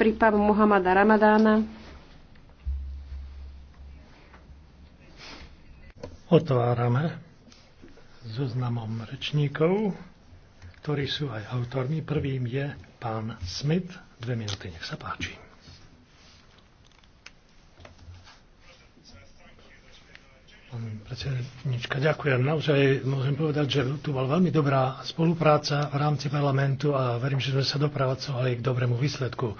prípadu Muhammada Ramadána. Otvárame zoznamom rečníkov, ktorí sú aj autormi. Prvým je pán Smith. Dve minúty, nech sa páči. Pán predsednička, ďakujem. Naozaj môžem povedať, že tu bola veľmi dobrá spolupráca v rámci parlamentu a verím, že sme sa dopracovali k dobrému výsledku.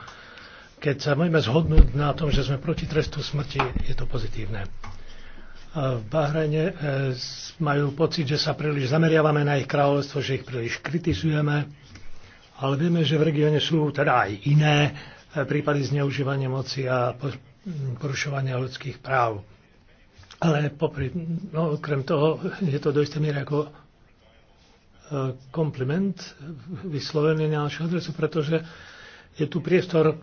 Keď sa môžeme zhodnúť na tom, že sme proti trestu smrti, je to pozitívne. V Bahrajne e, majú pocit, že sa príliš zameriavame na ich kráľovstvo, že ich príliš kritizujeme, ale vieme, že v regióne sú teda aj iné e, prípady zneužívania moci a porušovania ľudských práv. Ale popri, no, okrem toho je to do istej miery ako e, kompliment vyslovený na našu adresu, pretože je tu priestor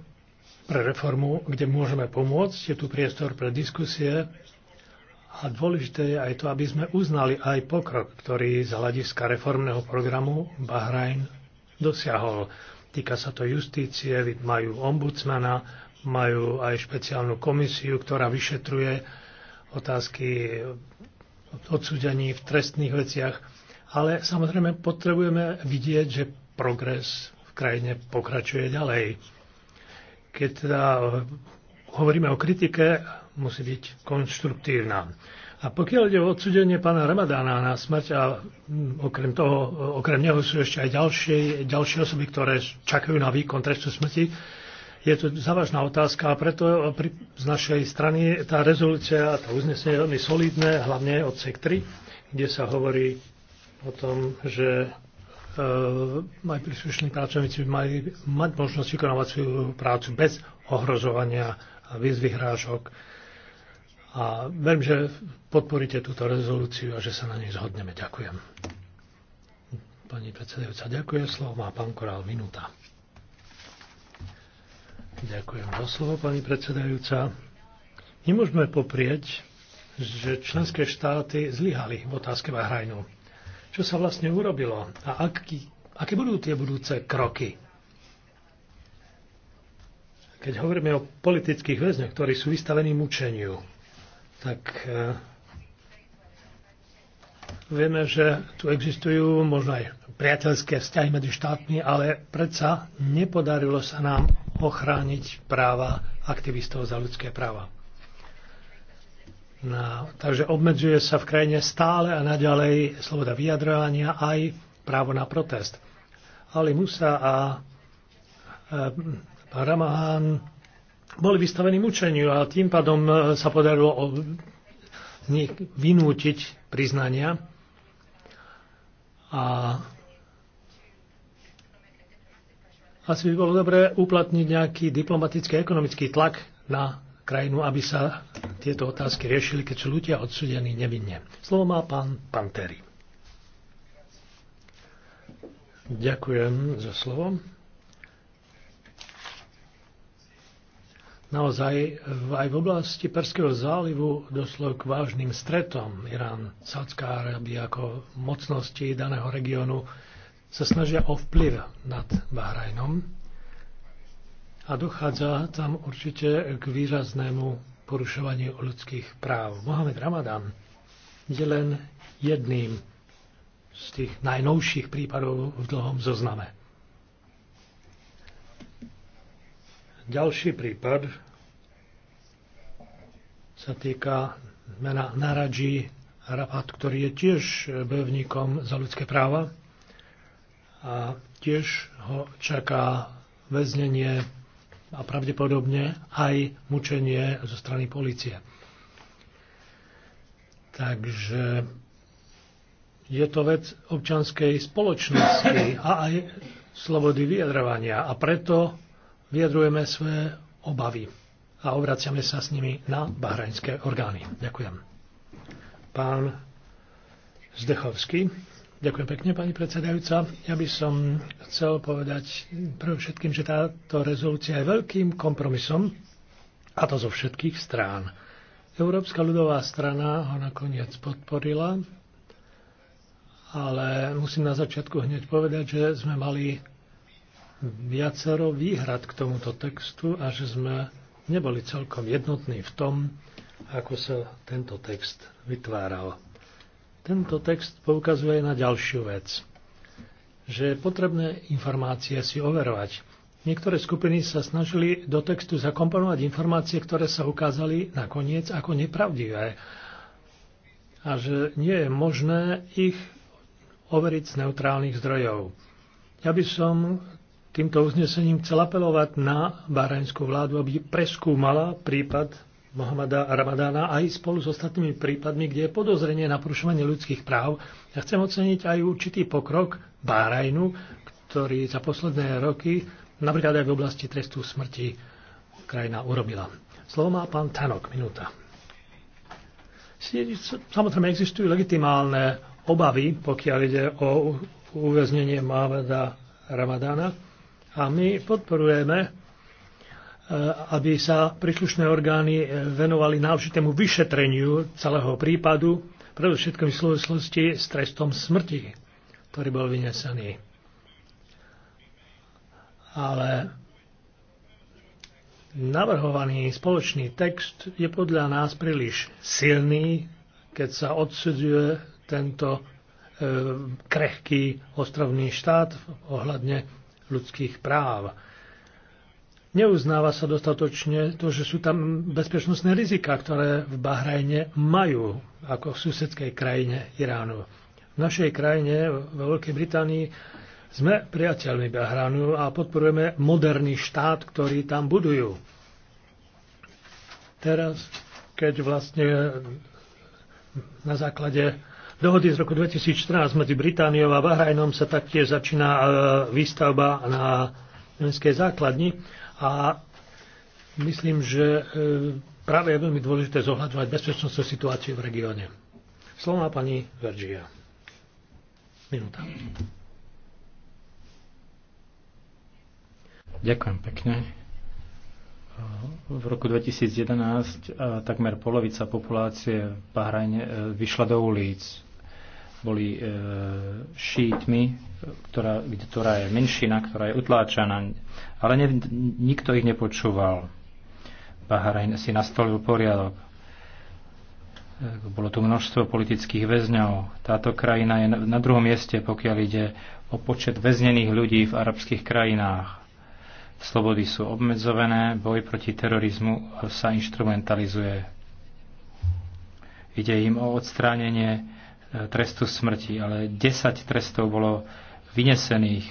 pre reformu, kde môžeme pomôcť. Je tu priestor pre diskusie a dôležité je aj to, aby sme uznali aj pokrok, ktorý z hľadiska reformného programu Bahrajn dosiahol. Týka sa to justície, majú ombudsmana, majú aj špeciálnu komisiu, ktorá vyšetruje otázky odsúdení v trestných veciach. Ale samozrejme potrebujeme vidieť, že progres v krajine pokračuje ďalej keď teda hovoríme o kritike, musí byť konštruktívna. A pokiaľ ide o odsudenie pána Ramadána na smrť a mm, okrem, toho, okrem neho sú ešte aj ďalšie, ďalšie osoby, ktoré čakajú na výkon trestu smrti, je to závažná otázka a preto pri, z našej strany tá rezolúcia a to uznesenie je veľmi solidné, hlavne od sektory, kde sa hovorí o tom, že E, aj príslušní pracovníci by mali mať možnosť vykonávať svoju prácu bez ohrozovania a bez vyhrážok. A verím, že podporíte túto rezolúciu a že sa na nej zhodneme. Ďakujem. Pani predsedajúca, ďakujem. Slovo má pán Korál, minúta. Ďakujem za slovo, pani predsedajúca. Nemôžeme poprieť, že členské štáty zlyhali v otázke Bahrajnu čo sa vlastne urobilo a aký, aké budú tie budúce kroky. Keď hovoríme o politických väzňoch, ktorí sú vystavení mučeniu, tak eh, vieme, že tu existujú možno aj priateľské vzťahy medzi štátmi, ale predsa nepodarilo sa nám ochrániť práva aktivistov za ľudské práva. Na, takže obmedzuje sa v krajine stále a naďalej sloboda vyjadrovania aj právo na protest. Ali Musa a e, Ramahán boli vystavení mučeniu a tým pádom e, sa podarilo z nich vynútiť priznania. A asi by bolo dobré uplatniť nejaký diplomatický ekonomický tlak na krajinu, aby sa tieto otázky riešili, keď sú ľudia odsudení nevinne. Slovo má pán Panteri. Ďakujem za slovo. Naozaj aj v oblasti Perského zálivu došlo k vážnym stretom. Irán, Sádzka Arábia ako mocnosti daného regiónu sa snažia o vplyv nad Bahrajnom a dochádza tam určite k výraznému porušovaniu ľudských práv. Mohamed Ramadan je len jedným z tých najnovších prípadov v dlhom zozname. Ďalší prípad sa týka mena Naradži Rapat, ktorý je tiež bojovníkom za ľudské práva a tiež ho čaká väznenie a pravdepodobne aj mučenie zo strany policie. Takže je to vec občanskej spoločnosti a aj slobody vyjadrovania a preto vyjadrujeme svoje obavy a obraciame sa s nimi na bahrajnské orgány. Ďakujem. Pán Zdechovský. Ďakujem pekne, pani predsedajúca. Ja by som chcel povedať pre všetkým, že táto rezolúcia je veľkým kompromisom, a to zo všetkých strán. Európska ľudová strana ho nakoniec podporila, ale musím na začiatku hneď povedať, že sme mali viacero výhrad k tomuto textu a že sme neboli celkom jednotní v tom, ako sa tento text vytváral. Tento text poukazuje na ďalšiu vec, že je potrebné informácie si overovať. Niektoré skupiny sa snažili do textu zakomponovať informácie, ktoré sa ukázali nakoniec ako nepravdivé a že nie je možné ich overiť z neutrálnych zdrojov. Ja by som týmto uznesením chcel apelovať na bahrajnskú vládu, aby preskúmala prípad Mohameda Ramadána aj spolu s ostatnými prípadmi, kde je podozrenie na porušovanie ľudských práv. Ja chcem oceniť aj určitý pokrok Bárajnu, ktorý za posledné roky napríklad aj v oblasti trestu smrti krajina urobila. Slovo má pán Tanok, minúta. Samozrejme existujú legitimálne obavy, pokiaľ ide o uväznenie Mohameda Ramadána a my podporujeme Eh, aby sa príslušné orgány eh, venovali náležitému vyšetreniu celého prípadu, predovšetkým v súvislosti s trestom smrti, ktorý bol vynesený. Ale navrhovaný spoločný text je podľa nás príliš silný, keď sa odsudzuje tento eh, krehký ostrovný štát ohľadne ľudských práv. Neuznáva sa dostatočne to, že sú tam bezpečnostné rizika, ktoré v Bahrajne majú ako v susedskej krajine Iránu. V našej krajine, vo Veľkej Británii, sme priateľmi Bahránu a podporujeme moderný štát, ktorý tam budujú. Teraz, keď vlastne na základe dohody z roku 2014 medzi Britániou a Bahrajnom sa taktiež začína e, výstavba na nemeckej základni, a myslím, že e, práve je veľmi dôležité zohľadovať bezpečnostnú situáciu v regióne. Slovo má pani Vergia. Minúta. Ďakujem pekne. V roku 2011 e, takmer polovica populácie v Bahrajne e, vyšla do ulic boli e, šítmi, ktorá, ktorá je menšina, ktorá je utláčaná, ale ne, nikto ich nepočúval. Bahrajn si nastolil poriadok. E, bolo tu množstvo politických väzňov. Táto krajina je na druhom mieste, pokiaľ ide o počet väznených ľudí v arabských krajinách. Slobody sú obmedzované, boj proti terorizmu sa instrumentalizuje. Ide im o odstránenie trestu smrti, ale 10 trestov bolo vynesených.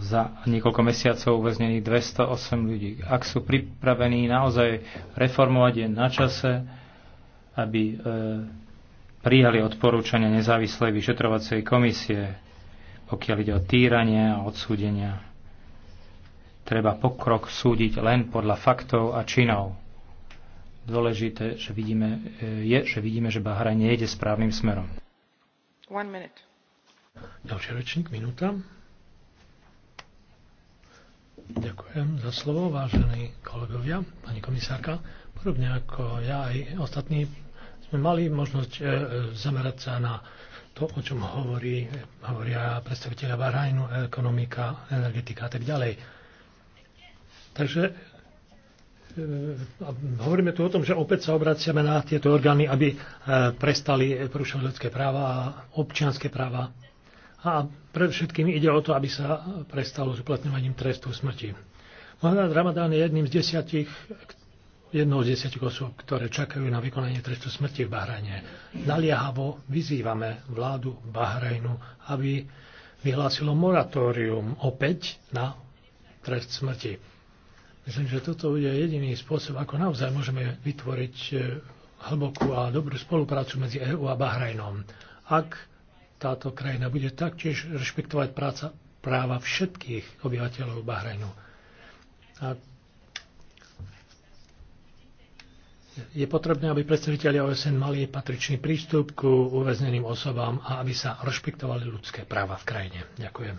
Za niekoľko mesiacov uväznených 208 ľudí. Ak sú pripravení naozaj reformovať, je na čase, aby e, prijali odporúčania nezávislej vyšetrovacej komisie, pokiaľ ide o týranie a odsúdenia. Treba pokrok súdiť len podľa faktov a činov Dôležité, že vidíme, e, je, že vidíme, že Bahrajn nejde správnym smerom. One minute. Ďalší rečník, minúta. Ďakujem za slovo, vážení kolegovia, pani komisárka. Podobne ako ja aj ostatní sme mali možnosť e, zamerať sa na to, o čom hovorí, hovoria predstaviteľa Bahrajnu, ekonomika, energetika a tak ďalej. Takže E, hovoríme tu o tom, že opäť sa obraciame na tieto orgány, aby e, prestali porušovať ľudské práva a občianské práva. A predovšetkým ide o to, aby sa prestalo s uplatňovaním trestu smrti. Mohamed Ramadán je jedným z desiatich, jednou z desiatich osôb, ktoré čakajú na vykonanie trestu smrti v Bahrajne. Naliehavo vyzývame vládu Bahrajnu, aby vyhlásilo moratórium opäť na trest smrti Myslím, že toto je jediný spôsob, ako naozaj môžeme vytvoriť e, hlbokú a dobrú spoluprácu medzi EU a Bahrajnom. Ak táto krajina bude taktiež rešpektovať práca, práva všetkých obyvateľov Bahrajnu. A je potrebné, aby predstavitelia OSN mali patričný prístup ku uväzneným osobám a aby sa rešpektovali ľudské práva v krajine. Ďakujem.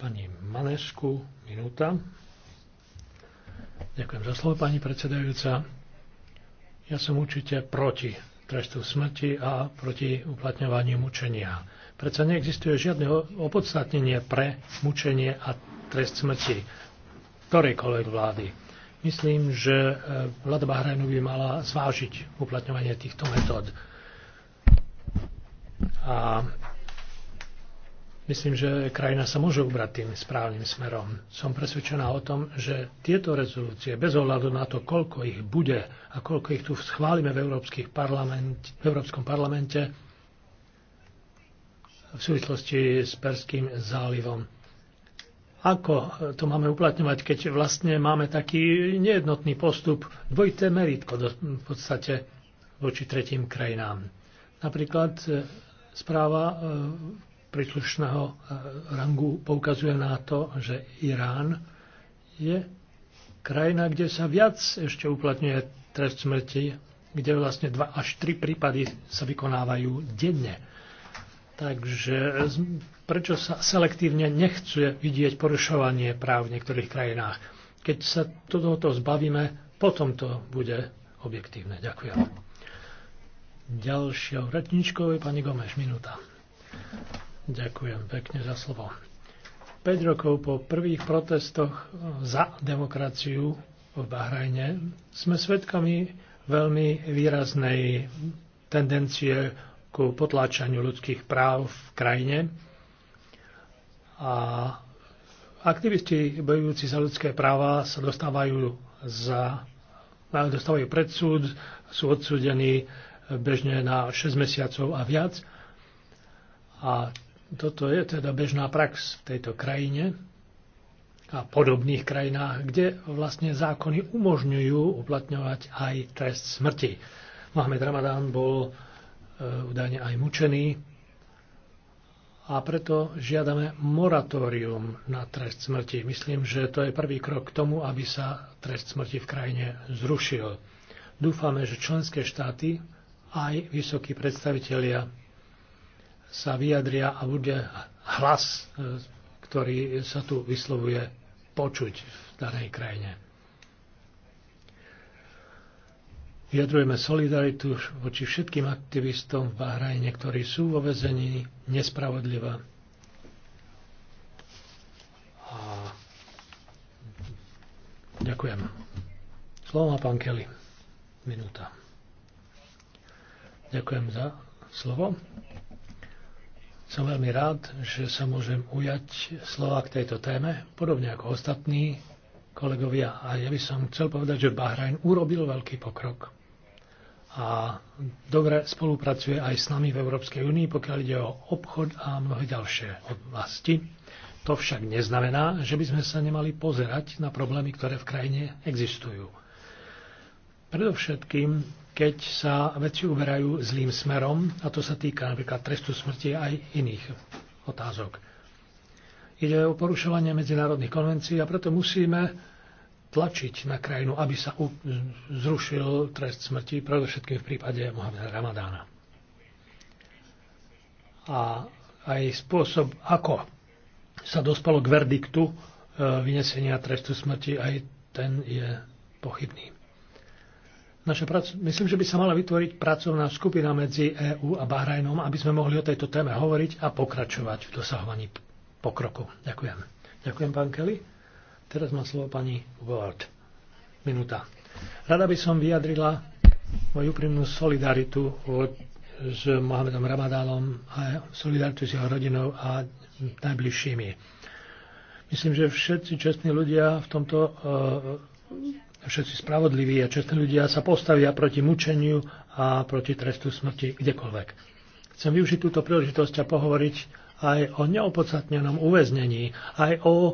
Pani Manesku, minúta. Ďakujem za slovo, pani predsedajúca. Ja som určite proti trestu smrti a proti uplatňovaniu mučenia. Prečo neexistuje žiadne opodstatnenie pre mučenie a trest smrti ktorejkoľvek vlády. Myslím, že e, vláda Bahrajnu by mala zvážiť uplatňovanie týchto metód. A Myslím, že krajina sa môže ubrať tým správnym smerom. Som presvedčená o tom, že tieto rezolúcie, bez ohľadu na to, koľko ich bude a koľko ich tu schválime v, parlament, v Európskom parlamente v súvislosti s Perským zálivom, ako to máme uplatňovať, keď vlastne máme taký nejednotný postup, dvojité meritko v podstate voči tretím krajinám. Napríklad eh, správa eh, príslušného e, rangu poukazuje na to, že Irán je krajina, kde sa viac ešte uplatňuje trest smrti, kde vlastne dva až tri prípady sa vykonávajú denne. Takže prečo sa selektívne nechce vidieť porušovanie práv v niektorých krajinách? Keď sa tohoto zbavíme, potom to bude objektívne. Ďakujem. Ďalšou retničkou je pani Gomeš, minúta. Ďakujem pekne za slovo. 5 rokov po prvých protestoch e, za demokraciu v Bahrajne sme svedkami veľmi výraznej tendencie ku potláčaniu ľudských práv v krajine a aktivisti bojujúci za ľudské práva sa dostávajú, za, e, dostávajú pred súd, sú odsúdení bežne na 6 mesiacov a viac. A toto je teda bežná prax v tejto krajine a podobných krajinách, kde vlastne zákony umožňujú uplatňovať aj trest smrti. Mohamed Ramadán bol e, údajne aj mučený a preto žiadame moratórium na trest smrti. Myslím, že to je prvý krok k tomu, aby sa trest smrti v krajine zrušil. Dúfame, že členské štáty aj vysokí predstavitelia sa vyjadria a bude hlas, e, ktorý sa tu vyslovuje, počuť v danej krajine. Vyjadrujeme solidaritu voči všetkým aktivistom v Bahrajne, ktorí sú vo vezení nespravodlivá. A... Ďakujem. Slovo má pán Kelly. Minúta. Ďakujem za slovo. Som veľmi rád, že sa môžem ujať slova k tejto téme, podobne ako ostatní kolegovia. A ja by som chcel povedať, že Bahrajn urobil veľký pokrok a dobre spolupracuje aj s nami v Európskej únii, pokiaľ ide o obchod a mnohé ďalšie oblasti. To však neznamená, že by sme sa nemali pozerať na problémy, ktoré v krajine existujú. Predovšetkým keď sa veci uberajú zlým smerom, a to sa týka napríklad trestu smrti aj iných otázok. Ide o porušovanie medzinárodných konvencií a preto musíme tlačiť na krajinu, aby sa zrušil trest smrti, predovšetkým v prípade Mohameda Ramadána. A aj spôsob, ako sa dospalo k verdiktu e, vynesenia trestu smrti, aj ten je pochybný. Naša prac... Myslím, že by sa mala vytvoriť pracovná skupina medzi EÚ a Bahrajnom, aby sme mohli o tejto téme hovoriť a pokračovať v dosahovaní pokroku. Ďakujem. Ďakujem, pán Kelly. Teraz má slovo pani Ward. Minúta. Rada by som vyjadrila moju úprimnú solidaritu s Mohamedom Ramadálom a solidaritu s jeho rodinou a najbližšími. Myslím, že všetci čestní ľudia v tomto uh, všetci spravodliví a čestní ľudia sa postavia proti mučeniu a proti trestu smrti kdekoľvek. Chcem využiť túto príležitosť a pohovoriť aj o neopodstatnenom uväznení, aj o e,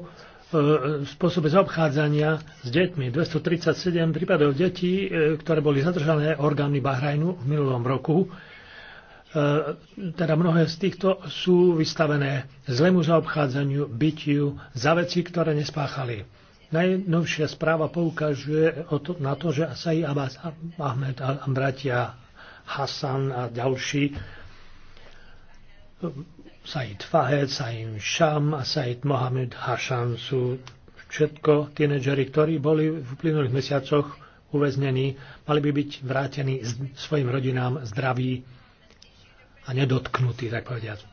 spôsobe zaobchádzania s deťmi. 237 prípadov detí, e, ktoré boli zadržané orgánmi Bahrajnu v minulom roku. E, teda mnohé z týchto sú vystavené zlému zaobchádzaniu, bytiu, za veci, ktoré nespáchali. Najnovšia správa poukazuje na to, že Asai Abbas Ahmed a bratia Hasan a ďalší Said Fahed, Said Sham a Said Mohamed Hashan sú všetko tínedžeri, ktorí boli v uplynulých mesiacoch uväznení, mali by byť vrátení svojim rodinám zdraví a nedotknutí, tak povediať.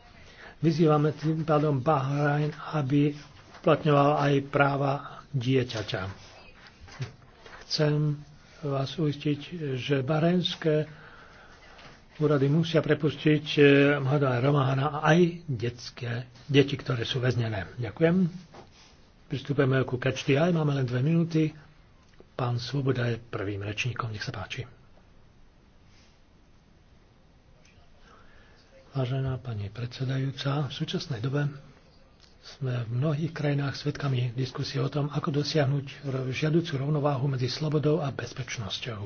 Vyzývame tým pádom Bahrain, aby uplatňoval aj práva dieťaťa. Chcem vás uistiť, že barenské úrady musia prepustiť eh, mladá Romána aj detské, deti, ktoré sú väznené. Ďakujem. Pristúpeme ku kečty aj, máme len dve minúty. Pán Svoboda je prvým rečníkom, nech sa páči. Vážená pani predsedajúca, v súčasnej dobe sme v mnohých krajinách svedkami diskusie o tom, ako dosiahnuť žiaducu rovnováhu medzi slobodou a bezpečnosťou.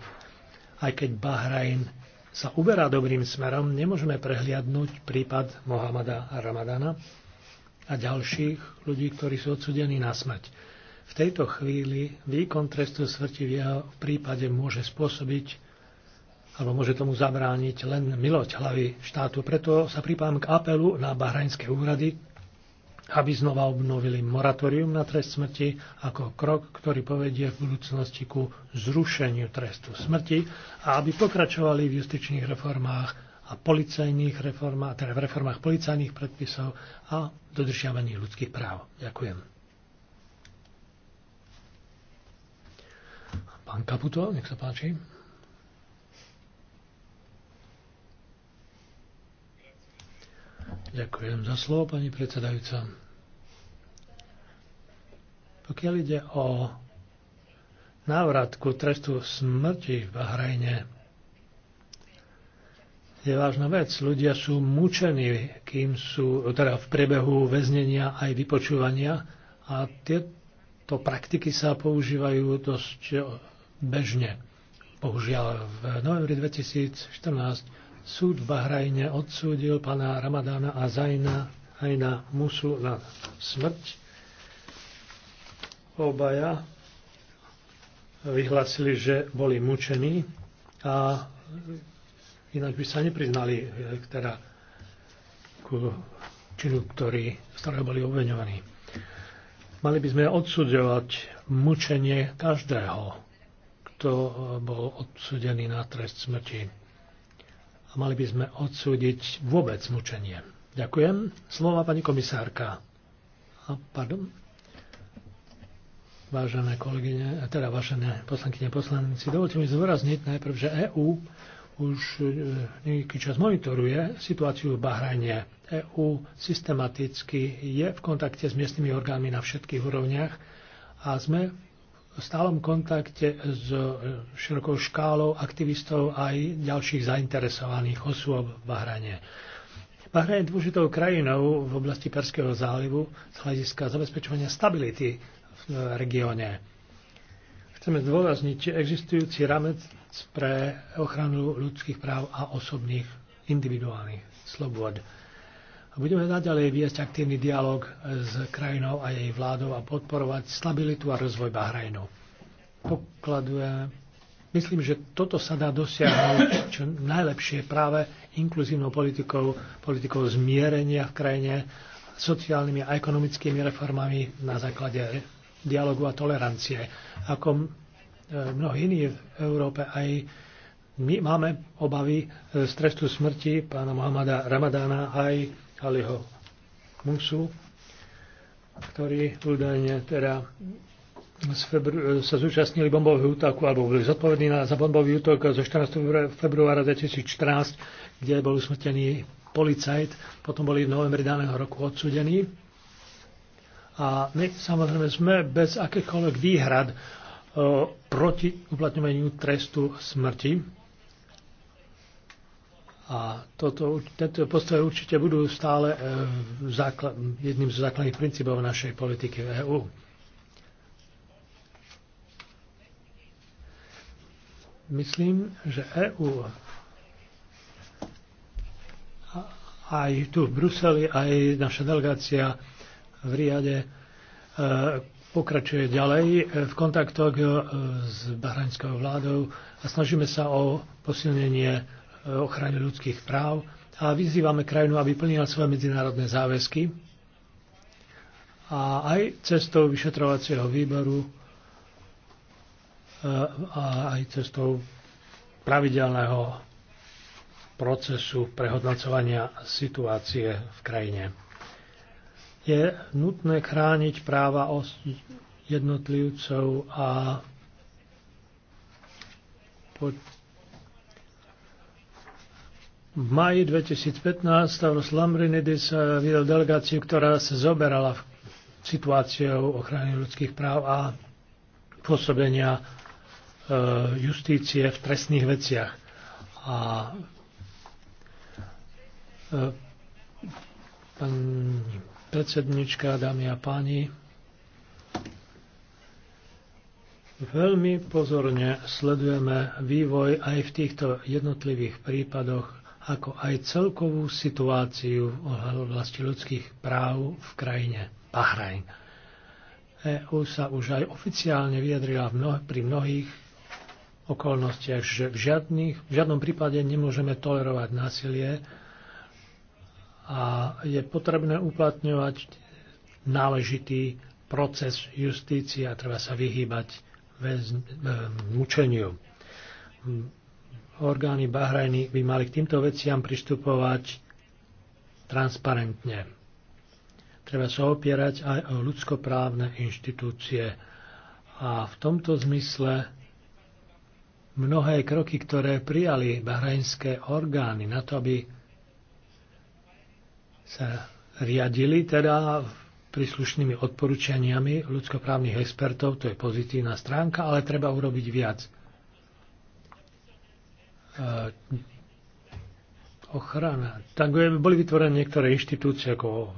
Aj keď Bahrajn sa uberá dobrým smerom, nemôžeme prehliadnúť prípad Mohamada a Ramadana a ďalších ľudí, ktorí sú odsudení na smrť. V tejto chvíli výkon trestu smrti v jeho prípade môže spôsobiť alebo môže tomu zabrániť len milosť hlavy štátu. Preto sa pripájam k apelu na bahrajnské úrady, aby znova obnovili moratórium na trest smrti ako krok, ktorý povedie v budúcnosti ku zrušeniu trestu smrti a aby pokračovali v justičných reformách a policajných reformách, teda v reformách policajných predpisov a dodržiavaní ľudských práv. Ďakujem. Pán Kaputo, nech sa páči. Ďakujem za slovo, pani predsedajúca. Pokiaľ ide o návrat ku trestu smrti v Bahrajne, je vážna vec. Ľudia sú mučení, kým sú teda v priebehu väznenia aj vypočúvania a tieto praktiky sa používajú dosť bežne. Bohužiaľ, v novembri 2014 Súd v Bahrajne odsúdil pána Ramadána a Zajna aj na musu na smrť. Obaja vyhlásili, že boli mučení a ináč by sa nepriznali teda ku činu, ktorý, z ktorého boli obveňovaní. Mali by sme odsudzovať mučenie každého, kto bol odsudený na trest smrti a mali by sme odsúdiť vôbec mučenie. Ďakujem. Slova pani komisárka. A, pardon. Vážené kolegyne, teda vážené poslankyne, poslanci, dovolte mi zvorazniť najprv, že EÚ už e, nejaký čas monitoruje situáciu v Bahrajne. EÚ systematicky je v kontakte s miestnymi orgánmi na všetkých úrovniach a sme stálom kontakte s e, širokou škálou aktivistov a aj ďalších zainteresovaných osôb v Bahrane. Bahrajn je dôležitou krajinou v oblasti Perského zálivu z hľadiska zabezpečovania stability v e, regióne. Chceme zdôrazniť existujúci ramec pre ochranu ľudských práv a osobných individuálnych slobod. A budeme naďalej viesť aktívny dialog e, s krajinou a jej vládou a podporovať stabilitu a rozvoj Bahrajnu. Pokladujem, myslím, že toto sa dá dosiahnuť čo najlepšie práve inkluzívnou politikou, politikou zmierenia v krajine, sociálnymi a ekonomickými reformami na základe dialogu a tolerancie. Ako e, mnohí iní v Európe aj my máme obavy e, z trestu smrti pána Mohamada Ramadána aj Haliho Musu, ktorí údajne teda sa zúčastnili bombového útoku alebo boli zodpovední za bombový útok zo 14. februára 2014, kde bol usmrtený policajt, potom boli v novembri daného roku odsudení. A my samozrejme sme bez akékoľvek výhrad e, proti uplatňovaniu trestu smrti a toto, tento postoj určite budú stále e, jedným z základných princípov našej politiky v EÚ. Myslím, že EÚ aj tu v Bruseli, aj naša delegácia v Riade e, pokračuje ďalej e, v kontaktoch s bahraňskou vládou a snažíme sa o posilnenie ochrane ľudských práv a vyzývame krajinu, aby plnila svoje medzinárodné záväzky a aj cestou vyšetrovacieho výboru e, a aj cestou pravidelného procesu prehodnocovania situácie v krajine. Je nutné chrániť práva jednotlivcov a v maji 2015 Stavros Lambrinidis eh, viedol delegáciu, ktorá sa zoberala situáciou ochrany ľudských práv a pôsobenia eh, justície v trestných veciach. A eh, pani predsednička, dámy a páni, veľmi pozorne sledujeme vývoj aj v týchto jednotlivých prípadoch ako aj celkovú situáciu v oblasti ľudských práv v krajine Bahrajn. EU sa už aj oficiálne vyjadrila v mnoh- pri mnohých okolnostiach, že v, žiadnych, v žiadnom prípade nemôžeme tolerovať násilie a je potrebné uplatňovať náležitý proces justície a treba sa vyhýbať väz- e, mučeniu orgány Bahrajny by mali k týmto veciam pristupovať transparentne. Treba sa opierať aj o ľudskoprávne inštitúcie. A v tomto zmysle mnohé kroky, ktoré prijali bahrajnské orgány na to, aby sa riadili teda príslušnými odporúčaniami ľudskoprávnych expertov, to je pozitívna stránka, ale treba urobiť viac Eh, ochrana. Tak boli vytvorené niektoré inštitúcie ako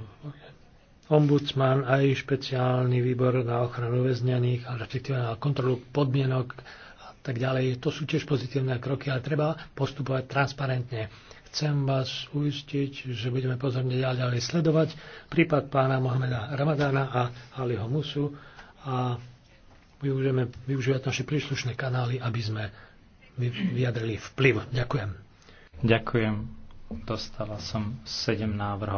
ombudsman, aj špeciálny výbor na ochranu väznených, a respektíve na kontrolu podmienok a tak ďalej. To sú tiež pozitívne kroky, ale treba postupovať transparentne. Chcem vás uistiť, že budeme pozorne ďalej, ďalej sledovať prípad pána Mohameda Ramadána a Aliho Musu a využijeme, využívať naše príslušné kanály, aby sme vyjadrili vplyv. Ďakujem. Ďakujem. Dostala som 7 návrhov.